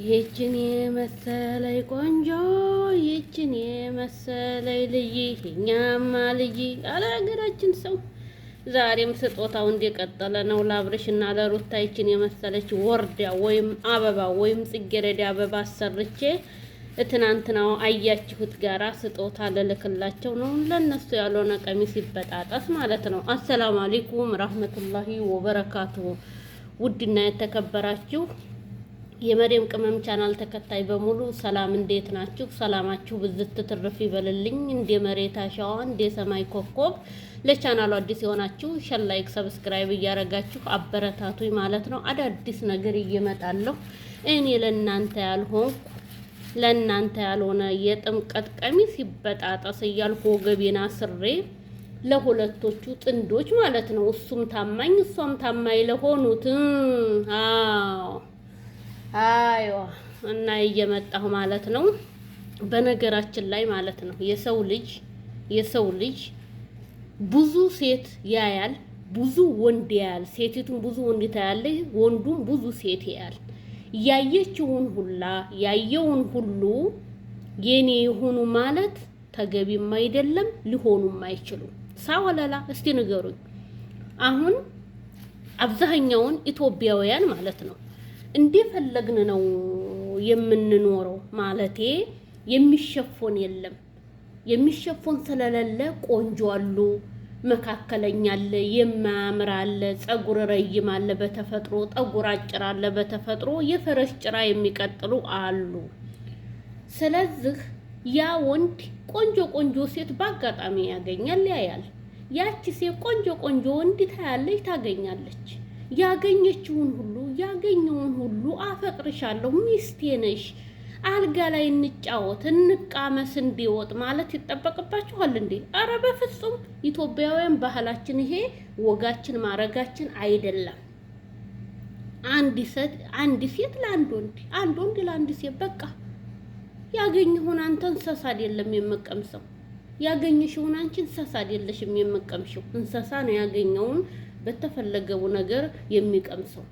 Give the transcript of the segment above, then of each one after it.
ይህችን የመሰለይ ቆንጆ ይህችን የመሰለይ ልይ የኛማ ልይ አለ ሀገራችን ሰው። ዛሬም ስጦታው እንደቀጠለ ነው ላብርሽ እና ለሩታ ይችን የመሰለች ወርዳ ወይም አበባ ወይም ጽጌረዳ አበባ አሰርቼ ትናንትናው አያችሁት ጋራ ስጦታ ልልክላቸው ነው። ለነሱ ያልሆነ ቀሚስ ይበጣጠስ ማለት ነው። አሰላሙ አለይኩም ረህመቱላሂ ወበረካቱ ውድና የተከበራችሁ የመሪም ቅመም ቻናል ተከታይ በሙሉ ሰላም፣ እንዴት ናችሁ? ሰላማችሁ ብዝት ትርፍ ይበልልኝ። እንደ መሬት አሸዋ እንደ ሰማይ ኮከብ ለቻናሉ አዲስ የሆናችሁ ሸር፣ ላይክ፣ ሰብስክራይብ እያረጋችሁ አበረታቱኝ ማለት ነው። አዳዲስ ነገር እየመጣለሁ እኔ ለእናንተ ያልሆንኩ ለእናንተ ያልሆነ የጥምቀት ቀሚስ ይበጣጠስ እያልኩ ወገቤና ስሬ ለሁለቶቹ ጥንዶች ማለት ነው እሱም ታማኝ እሷም ታማኝ ለሆኑት አዎ አይዋ እና እየመጣሁ ማለት ነው። በነገራችን ላይ ማለት ነው የሰው ልጅ የሰው ልጅ ብዙ ሴት ያያል፣ ብዙ ወንድ ያያል። ሴቲቱም ብዙ ወንድ ታያለ፣ ወንዱም ብዙ ሴት ያያል። ያየችውን ሁላ ያየውን ሁሉ የኔ የሆኑ ማለት ተገቢም አይደለም፣ ሊሆኑም አይችሉም። ሳወለላ እስቲ ንገሩኝ። አሁን አብዛኛውን ኢትዮጵያውያን ማለት ነው እንደፈለግን ነው የምንኖረው። ማለቴ የሚሸፎን የለም። የሚሸፎን ስለሌለ ቆንጆ አሉ፣ መካከለኛ አለ፣ የማያምር አለ፣ ፀጉር ረይም አለ በተፈጥሮ ጠጉር አጭር አለ በተፈጥሮ የፈረስ ጭራ የሚቀጥሉ አሉ። ስለዚህ ያ ወንድ ቆንጆ ቆንጆ ሴት በአጋጣሚ ያገኛል፣ ያያል። ያቺ ሴት ቆንጆ ቆንጆ ወንድ ታያለች፣ ታገኛለች። ያገኘችውን ሁሉ ያገኘውን ሁሉ አፈቅርሻለሁ፣ ሚስቴ ነሽ፣ አልጋ ላይ እንጫወት፣ እንቃመስ፣ እንዲወጥ ማለት ይጠበቅባችኋል እንዴ? አረ በፍጹም ኢትዮጵያውያን ባህላችን ይሄ ወጋችን ማረጋችን አይደለም። አንድ ሴት አንድ ሴት ለአንድ ወንድ፣ አንድ ወንድ ለአንድ ሴት። በቃ ያገኘሁን አንተ እንስሳ አይደለም የምቀምሰው ያገኘሽውን አንቺ እንስሳ አይደለሽም የምቀምሽው። እንሰሳ ነው ያገኘውን በተፈለገው ነገር የሚቀምሰው።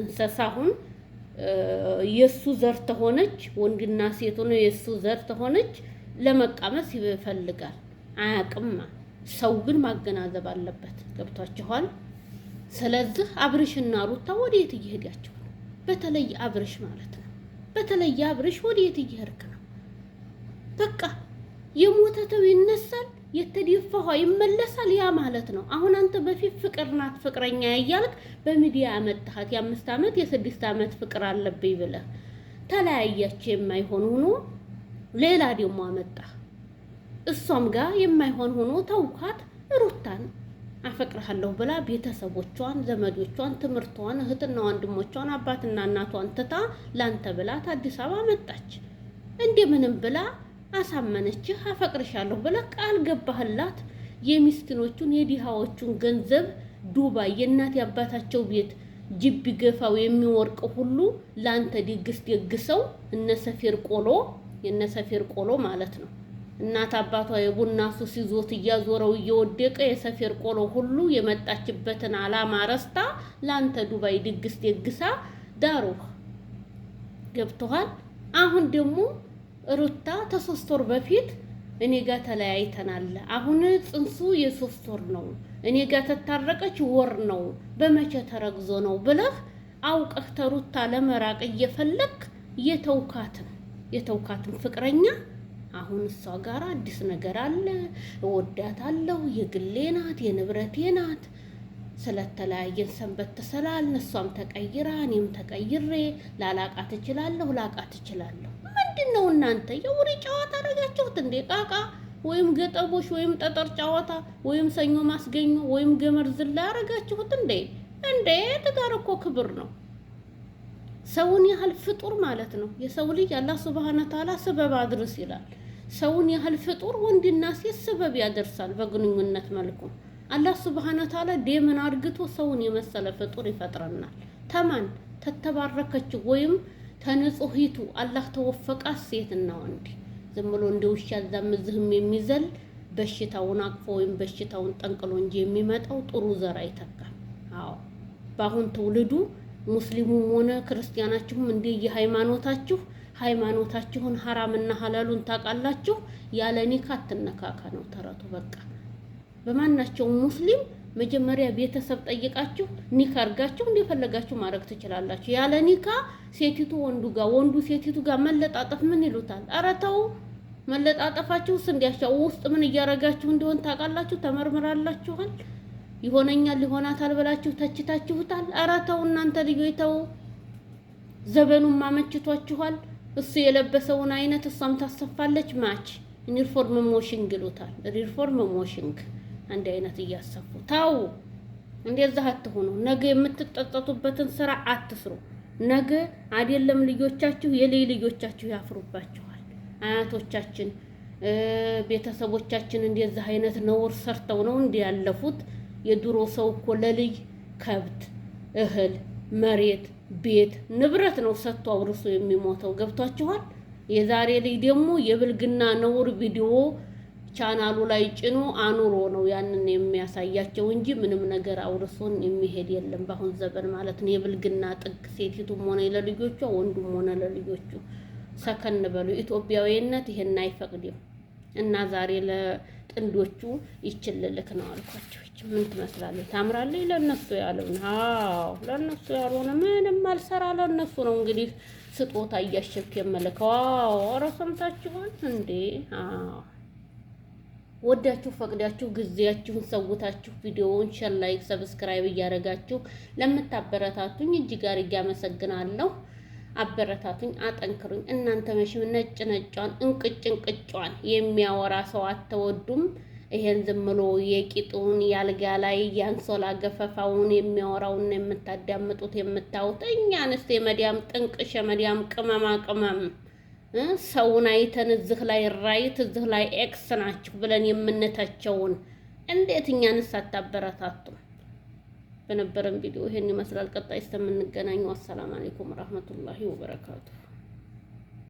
እንስሳሁን የእሱ ዘር ተሆነች ወንድና ሴት ሆነ የእሱ ዘር ተሆነች ለመቃመስ ይፈልጋል አያቅማ። ሰው ግን ማገናዘብ አለበት። ገብቷችኋል? ስለዚህ አብርሽና ሩታ ወዴት እየሄዳችሁ ነው? በተለይ አብርሽ ማለት ነው። በተለይ አብርሽ ወዴት እየሄድክ ነው? በቃ የሞተ ተው ይነሳል። የተደፋ ይመለሳል። ያ ማለት ነው። አሁን አንተ በፊት ፍቅር ናት ፍቅረኛ እያልክ በሚዲያ ያመጣሃት የአምስት ዓመት የስድስት ዓመት ፍቅር አለብኝ ብለህ ተለያያችሁ የማይሆን ሆኖ ሌላ ደግሞ አመጣህ። እሷም ጋር የማይሆን ሆኖ ተውካት። ሩታን አፈቅርሃለሁ ብላ ቤተሰቦቿን፣ ዘመዶቿን፣ ትምህርቷን፣ እህትና ወንድሞቿን፣ አባትና እናቷን ትታ ላንተ ብላት አዲስ አበባ መጣች እንዴ ምንም ብላ አሳመነችህ። አፈቅርሻለሁ ብላ ቃል ገባህላት። የሚስኪኖቹን የድሃዎቹን ገንዘብ ዱባይ የእናት ያባታቸው ቤት ጅብ ገፋው የሚወርቅ ሁሉ ለአንተ ድግስ ደግሰው እነ ሰፌር ቆሎ የእነ ሰፌር ቆሎ ማለት ነው። እናት አባቷ የቡና ሱስ ይዞት እያዞረው እየወደቀ የሰፌር ቆሎ ሁሉ የመጣችበትን አላማ ረስታ ለአንተ ዱባይ ድግስ ደግሳ ዳሩ ገብተዋል። አሁን ደግሞ ሩታ ከሶስት ወር በፊት እኔ ጋር ተለያይተናል። አሁን ጽንሱ የሶስት ወር ነው። እኔ ጋር ተታረቀች ወር ነው። በመቼ ተረግዞ ነው ብለህ አውቀህ ተሩታ ለመራቅ እየፈለክ የተውካትን የተውካትን ፍቅረኛ አሁን እሷ ጋር አዲስ ነገር አለ። እወዳታለሁ፣ የግሌ ናት፣ የንብረቴ ናት። ስለተለያየን ሰንበት ተሰላል። እሷም ተቀይራ እኔም ተቀይሬ ላላቃት እችላለሁ፣ ላቃት እችላለሁ ምንድን ነው እናንተ የውሪ ጨዋታ አደረጋችሁት እንዴ? ቃቃ ወይም ገጠቦች ወይም ጠጠር ጨዋታ ወይም ሰኞ ማስገኙ ወይም ገመድ ዝላ አደረጋችሁት እንዴ? እንዴ ትዳር እኮ ክብር ነው። ሰውን ያህል ፍጡር ማለት ነው። የሰው ልጅ አላህ ስብሃነ ተዓላ ስበብ አድርስ ይላል። ሰውን ያህል ፍጡር ወንድና ሴት ስበብ ያደርሳል በግንኙነት መልኩ። አላህ ስብሃነ ተዓላ ደምን አድግቶ ሰውን የመሰለ ፍጡር ይፈጥረናል። ተማን ተተባረከችው ወይም ተንጹሂቱ አላህ ተወፈቃት ሴትና ወንድ ዝም ብሎ እንደ ውሻ እዛም የሚዘል በሽታውን አቅፎ ወይም በሽታውን ጠንቅሎ እንጂ የሚመጣው ጥሩ ዘር አይተካም። አዎ በአሁን ትውልዱ ሙስሊሙም ሆነ ክርስቲያናችሁም እንደ የሃይማኖታችሁ ሃይማኖታችሁን ሀራምና ሀላሉን ታውቃላችሁ። ያለ ኒካ አትነካካ ነው ተረቱ። በቃ በማናቸውም ሙስሊም መጀመሪያ ቤተሰብ ጠይቃችሁ ኒካ አርጋችሁ እንደፈለጋችሁ ማድረግ ትችላላችሁ። ያለ ኒካ ሴቲቱ ወንዱ ጋር፣ ወንዱ ሴቲቱ ጋር መለጣጠፍ ምን ይሉታል? ኧረ ተው መለጣጠፋችሁስ እንዲያሻው ውስጥ ምን እያረጋችሁ እንደሆን ታውቃላችሁ? ተመርምራላችኋል? ይሆነኛል ሊሆናታል ብላችሁ ተችታችሁታል? ኧረ ተው እናንተ ልጆች ተው። ዘበኑን ማመችቷችኋል። እሱ የለበሰውን አይነት እሷም ታሰፋለች። ማች ሪፎርም ሞሽንግ ይሉታል። ሪፎርም ሞሽንግ አንድ አይነት እያሰፉ ታው እንደዛ አትሆኑ። ነገ የምትጠጠቱበትን ስራ አትስሩ። ነገ አይደለም ልጆቻችሁ የልይ ልጆቻችሁ ያፍሩባችኋል። አያቶቻችን ቤተሰቦቻችን እንደዛ አይነት ነውር ሰርተው ነው እንዲህ ያለፉት። የድሮ ሰው እኮ ለልይ ከብት፣ እህል፣ መሬት፣ ቤት፣ ንብረት ነው ሰጥቶ አውርሶ የሚሞተው ገብቷችኋል። የዛሬ ልጅ ደግሞ የብልግና ነውር ቪዲዮ ቻናሉ ላይ ጭኖ አኑሮ ነው ያንን የሚያሳያቸው እንጂ ምንም ነገር አውርሶን የሚሄድ የለም። በአሁን ዘመን ማለት ነው የብልግና ጥግ። ሴቲቱም ሆነ ለልጆቿ፣ ወንዱም ሆነ ለልጆቹ ሰከን በሉ። ኢትዮጵያዊነት ይሄን አይፈቅድም እና ዛሬ ለጥንዶቹ ይችልልክ ነው አልኳቸው። ይች ምን ትመስላለች? ታምራለች። ለነሱ ያለውን አዎ፣ ለነሱ ያልሆነ ምንም አልሰራ። ለነሱ ነው እንግዲህ ስጦታ እያሸብክ የመልከው። አዎ፣ ኧረ ሰምታችኋል እንዴ? አዎ ወዳችሁ ፈቅዳችሁ ጊዜያችሁን ሰውታችሁ ቪዲዮውን ሸር፣ ላይክ፣ ሰብስክራይብ እያደረጋችሁ ለምታበረታቱኝ እጅግ አድርጌ አመሰግናለሁ። አበረታቱኝ፣ አጠንክሩኝ። እናንተ መቼም ነጭ ነጯን እንቅጭ እንቅጯን የሚያወራ ሰው አትወዱም። ይሄን ዝም ብሎ የቂጡን ያልጋ ላይ ያንሶላ ገፈፋውን የሚያወራውን የምታዳምጡት የምታዩት እኛንስ የመዲያም ጥንቅሽ የመዲያም ቅመማ ቅመም ሰውን አይተን እዚህ ላይ ራይት እዚህ ላይ ኤክስ ናችሁ ብለን የምነታቸውን እንዴት እኛንስ አታበረታቱም? በነበረን ቪዲዮ ይሄን ይመስላል። ቀጣይ እስከምንገናኙ አሰላም አለይኩም ወራህመቱላሂ ወበረካቱ።